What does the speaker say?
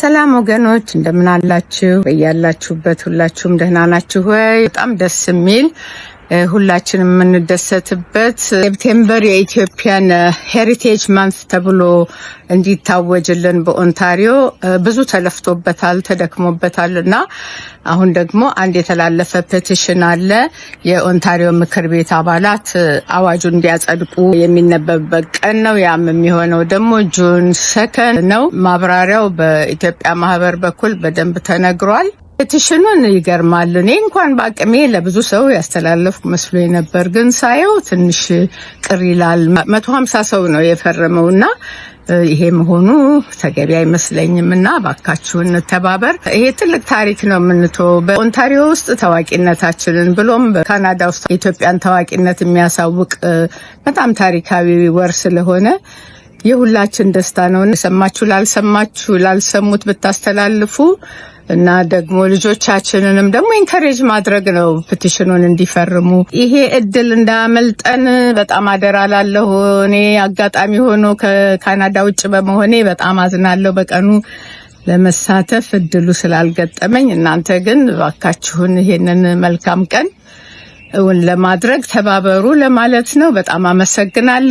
ሰላም ወገኖች እንደምን አላችሁ? በያላችሁበት ሁላችሁም ደህና ናችሁ ወይ? በጣም ደስ የሚል ሁላችን የምንደሰትበት ሴፕቴምበር የኢትዮጵያን ሄሪቴጅ ማንት ተብሎ እንዲታወጅልን በኦንታሪዮ ብዙ ተለፍቶበታል፣ ተደክሞበታል እና አሁን ደግሞ አንድ የተላለፈ ፔቲሽን አለ። የኦንታሪዮ ምክር ቤት አባላት አዋጁ እንዲያጸድቁ የሚነበብበት ቀን ነው። ያም የሚሆነው ደግሞ ጁን ሰከንድ ነው። ማብራሪያው በኢትዮጵያ ማህበር በኩል በደንብ ተነግሯል። ፔቲሽኑን ይገርማል። እኔ እንኳን በአቅሜ ለብዙ ሰው ያስተላለፍኩ መስሎ ነበር፣ ግን ሳየው ትንሽ ቅር ይላል። መቶ ሀምሳ ሰው ነው የፈረመው እና ይሄ መሆኑ ተገቢ አይመስለኝም እና እባካችሁ እንተባበር። ይሄ ትልቅ ታሪክ ነው የምንቶ በኦንታሪዮ ውስጥ ታዋቂነታችንን ብሎም በካናዳ ውስጥ የኢትዮጵያን ታዋቂነት የሚያሳውቅ በጣም ታሪካዊ ወር ስለሆነ የሁላችን ደስታ ነው። ሰማችሁ ላልሰማችሁ ላልሰሙት ብታስተላልፉ እና ደግሞ ልጆቻችንንም ደግሞ ኢንከሬጅ ማድረግ ነው ፕቲሽኑን እንዲፈርሙ። ይሄ እድል እንዳመልጠን በጣም አደራ ላለሁ። እኔ አጋጣሚ ሆኖ ከካናዳ ውጭ በመሆኔ በጣም አዝናለሁ። በቀኑ ለመሳተፍ እድሉ ስላልገጠመኝ፣ እናንተ ግን እባካችሁን ይሄንን መልካም ቀን እውን ለማድረግ ተባበሩ ለማለት ነው። በጣም አመሰግናለሁ።